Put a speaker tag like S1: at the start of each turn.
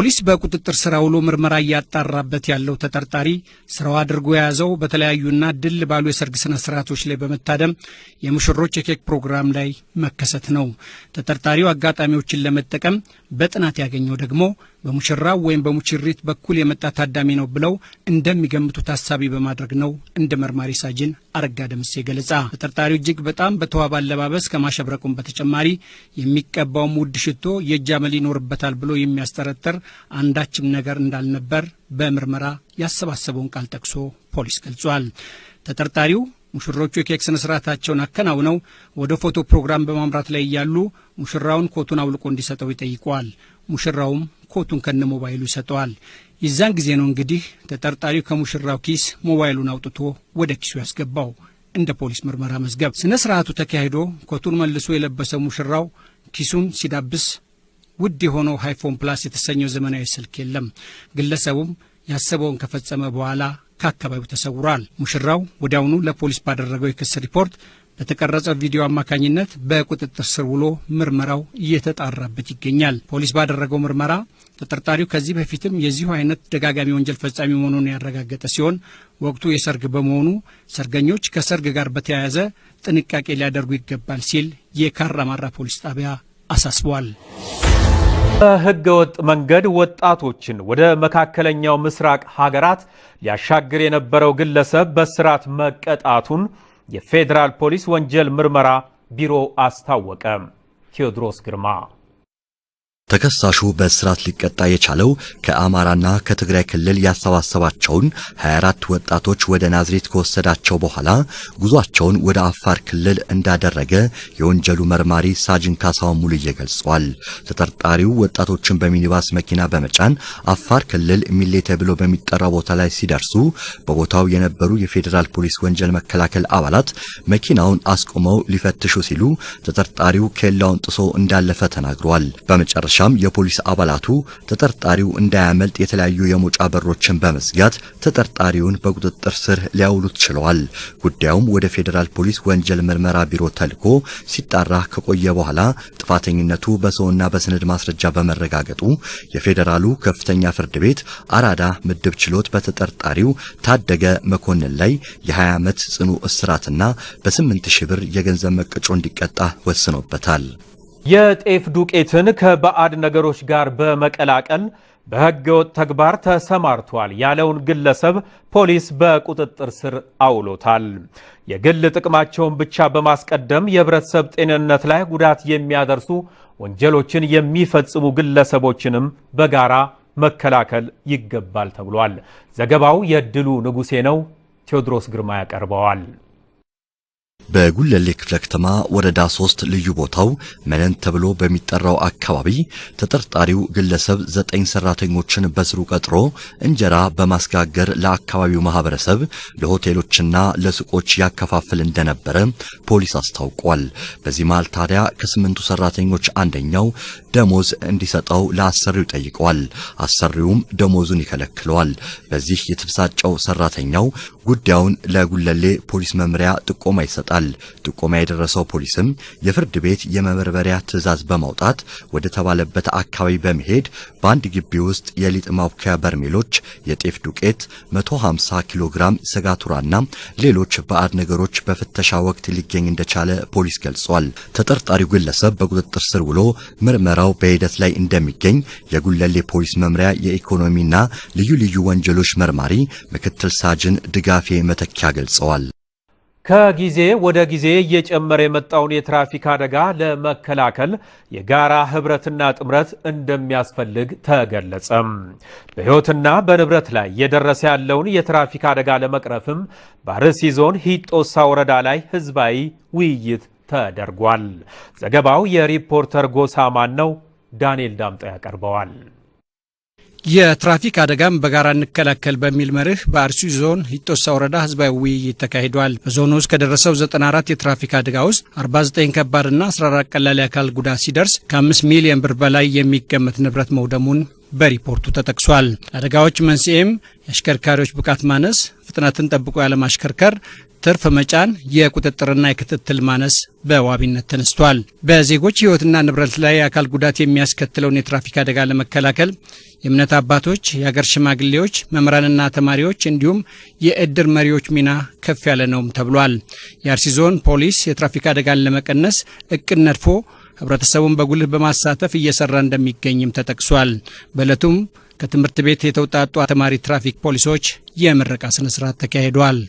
S1: ፖሊስ በቁጥጥር ስር ውሎ ምርመራ እያጣራበት ያለው ተጠርጣሪ ስራው አድርጎ የያዘው በተለያዩና ድል ባሉ የሰርግ ስነ ስርዓቶች ላይ በመታደም የሙሽሮች የኬክ ፕሮግራም ላይ መከሰት ነው። ተጠርጣሪው አጋጣሚዎችን ለመጠቀም በጥናት ያገኘው ደግሞ በሙሽራው ወይም በሙሽሪት በኩል የመጣ ታዳሚ ነው ብለው እንደሚገምቱ ታሳቢ በማድረግ ነው እንደ መርማሪ ሳጅን አረጋ ደምሴ ገለጻ። ተጠርጣሪው እጅግ በጣም በተዋበ አለባበስ ከማሸብረቁም በተጨማሪ የሚቀባውም ውድ ሽቶ የእጅ አመል ይኖርበታል ብሎ የሚያስጠረጥር አንዳችም ነገር እንዳልነበር በምርመራ ያሰባሰበውን ቃል ጠቅሶ ፖሊስ ገልጿል። ተጠርጣሪው ሙሽሮቹ የኬክ ስነ ስርዓታቸውን አከናውነው ወደ ፎቶ ፕሮግራም በማምራት ላይ እያሉ ሙሽራውን ኮቱን አውልቆ እንዲሰጠው ይጠይቀዋል። ሙሽራውም ኮቱን ከነ ሞባይሉ ይሰጠዋል። የዛን ጊዜ ነው እንግዲህ ተጠርጣሪው ከሙሽራው ኪስ ሞባይሉን አውጥቶ ወደ ኪሱ ያስገባው። እንደ ፖሊስ ምርመራ መዝገብ ስነ ስርዓቱ ተካሂዶ ኮቱን መልሶ የለበሰው ሙሽራው ኪሱን ሲዳብስ ውድ የሆነው ሃይፎን ፕላስ የተሰኘው ዘመናዊ ስልክ የለም። ግለሰቡም ያሰበውን ከፈጸመ በኋላ ከአካባቢው ተሰውሯል። ሙሽራው ወዲያውኑ ለፖሊስ ባደረገው የክስ ሪፖርት በተቀረጸ ቪዲዮ አማካኝነት በቁጥጥር ስር ውሎ ምርመራው እየተጣራበት ይገኛል። ፖሊስ ባደረገው ምርመራ ተጠርጣሪው ከዚህ በፊትም የዚሁ አይነት ደጋጋሚ ወንጀል ፈጻሚ መሆኑን ያረጋገጠ ሲሆን ወቅቱ የሰርግ በመሆኑ ሰርገኞች ከሰርግ ጋር በተያያዘ ጥንቃቄ ሊያደርጉ ይገባል ሲል የካራማራ ፖሊስ ጣቢያ አሳስቧል።
S2: በህገወጥ መንገድ ወጣቶችን ወደ መካከለኛው ምስራቅ ሀገራት ሊያሻግር የነበረው ግለሰብ በስርዓት መቀጣቱን የፌዴራል ፖሊስ ወንጀል ምርመራ ቢሮ አስታወቀ። ቴዎድሮስ ግርማ
S3: ተከሳሹ በእስራት ሊቀጣ የቻለው ከአማራና ከትግራይ ክልል ያሰባሰባቸውን 24 ወጣቶች ወደ ናዝሬት ከወሰዳቸው በኋላ ጉዟቸውን ወደ አፋር ክልል እንዳደረገ የወንጀሉ መርማሪ ሳጅን ካሳሁን ሙሉዬ ገልጿል። ተጠርጣሪው ወጣቶችን በሚኒባስ መኪና በመጫን አፋር ክልል ሚሌ ተብሎ በሚጠራው ቦታ ላይ ሲደርሱ በቦታው የነበሩ የፌዴራል ፖሊስ ወንጀል መከላከል አባላት መኪናውን አስቆመው ሊፈትሹ ሲሉ ተጠርጣሪው ኬላውን ጥሶ እንዳለፈ ተናግሯል። በመጨረሻ በመጨረሻም የፖሊስ አባላቱ ተጠርጣሪው እንዳያመልጥ የተለያዩ የመውጫ በሮችን በመዝጋት ተጠርጣሪውን በቁጥጥር ስር ሊያውሉት ችለዋል። ጉዳዩም ወደ ፌዴራል ፖሊስ ወንጀል ምርመራ ቢሮ ተልኮ ሲጣራ ከቆየ በኋላ ጥፋተኝነቱ በሰውና በሰነድ ማስረጃ በመረጋገጡ የፌዴራሉ ከፍተኛ ፍርድ ቤት አራዳ ምድብ ችሎት በተጠርጣሪው ታደገ መኮንን ላይ የ20 ዓመት ጽኑ እስራትና በ 8000 ሺህ ብር የገንዘብ መቀጮ እንዲቀጣ ወስኖበታል።
S2: የጤፍ ዱቄትን ከባዕድ ነገሮች ጋር በመቀላቀል በህገወጥ ተግባር ተሰማርቷል ያለውን ግለሰብ ፖሊስ በቁጥጥር ስር አውሎታል። የግል ጥቅማቸውን ብቻ በማስቀደም የህብረተሰብ ጤንነት ላይ ጉዳት የሚያደርሱ ወንጀሎችን የሚፈጽሙ ግለሰቦችንም በጋራ መከላከል ይገባል ተብሏል። ዘገባው የድሉ ንጉሴ ነው። ቴዎድሮስ ግርማ ያቀርበዋል።
S3: በጉለሌ ክፍለ ከተማ ወረዳ ሶስት ልዩ ቦታው መነን ተብሎ በሚጠራው አካባቢ ተጠርጣሪው ግለሰብ ዘጠኝ ሰራተኞችን በስሩ ቀጥሮ እንጀራ በማስጋገር ለአካባቢው ማህበረሰብ ለሆቴሎችና ለሱቆች ያከፋፍል እንደነበረ ፖሊስ አስታውቋል። በዚህ መሃል ታዲያ ከስምንቱ ሰራተኞች አንደኛው ደሞዝ እንዲሰጠው ለአሰሪው ጠይቀዋል። አሰሪውም ደሞዙን ይከለክለዋል። በዚህ የተበሳጨው ሰራተኛው ጉዳዩን ለጉለሌ ፖሊስ መምሪያ ጥቆማ ይሰጣል። ጥቆማ የደረሰው ፖሊስም የፍርድ ቤት የመበርበሪያ ትዕዛዝ በማውጣት ወደ ተባለበት አካባቢ በመሄድ በአንድ ግቢ ውስጥ የሊጥ ማብኪያ በርሜሎች፣ የጤፍ ዱቄት፣ 150 ኪሎ ግራም ስጋቱራና ሌሎች ባዕድ ነገሮች በፍተሻ ወቅት ሊገኝ እንደቻለ ፖሊስ ገልጿል። ተጠርጣሪው ግለሰብ በቁጥጥር ስር ውሎ ምርመራው በሂደት ላይ እንደሚገኝ የጉለሌ ፖሊስ መምሪያ የኢኮኖሚና ልዩ ልዩ ወንጀሎች መርማሪ ምክትል ሳጅን ድጋ ደጋፊ መተኪያ ገልጸዋል።
S2: ከጊዜ ወደ ጊዜ እየጨመረ የመጣውን የትራፊክ አደጋ ለመከላከል የጋራ ህብረትና ጥምረት እንደሚያስፈልግ ተገለጸም። በሕይወትና በንብረት ላይ እየደረሰ ያለውን የትራፊክ አደጋ ለመቅረፍም በአርሲ ዞን ሂጦሳ ወረዳ ላይ ህዝባዊ ውይይት ተደርጓል። ዘገባው የሪፖርተር ጎሳማን ነው? ዳንኤል ዳምጣ ያቀርበዋል።
S4: የትራፊክ አደጋም በጋራ እንከላከል በሚል መርህ በአርሲ ዞን ሂጦሳ ወረዳ ህዝባዊ ውይይት ተካሂዷል። በዞኑ ውስጥ ከደረሰው 94 የትራፊክ አደጋ ውስጥ 49 ከባድና 14 ቀላል የአካል ጉዳት ሲደርስ ከ5 ሚሊዮን ብር በላይ የሚገመት ንብረት መውደሙን በሪፖርቱ ተጠቅሷል። አደጋዎች መንስኤም የአሽከርካሪዎች ብቃት ማነስ፣ ፍጥነትን ጠብቆ ያለማሽከርከር፣ ትርፍ መጫን፣ የቁጥጥርና የክትትል ማነስ በዋቢነት ተነስቷል። በዜጎች ህይወትና ንብረት ላይ የአካል ጉዳት የሚያስከትለውን የትራፊክ አደጋ ለመከላከል የእምነት አባቶች፣ የአገር ሽማግሌዎች፣ መምህራንና ተማሪዎች እንዲሁም የእድር መሪዎች ሚና ከፍ ያለ ነውም ተብሏል። የአርሲ ዞን ፖሊስ የትራፊክ አደጋን ለመቀነስ እቅድ ነድፎ ህብረተሰቡን በጉልህ በማሳተፍ እየሰራ እንደሚገኝም ተጠቅሷል። በእለቱም ከትምህርት ቤት የተውጣጡ ተማሪ ትራፊክ ፖሊሶች የምረቃ ስነስርዓት ተካሂዷል።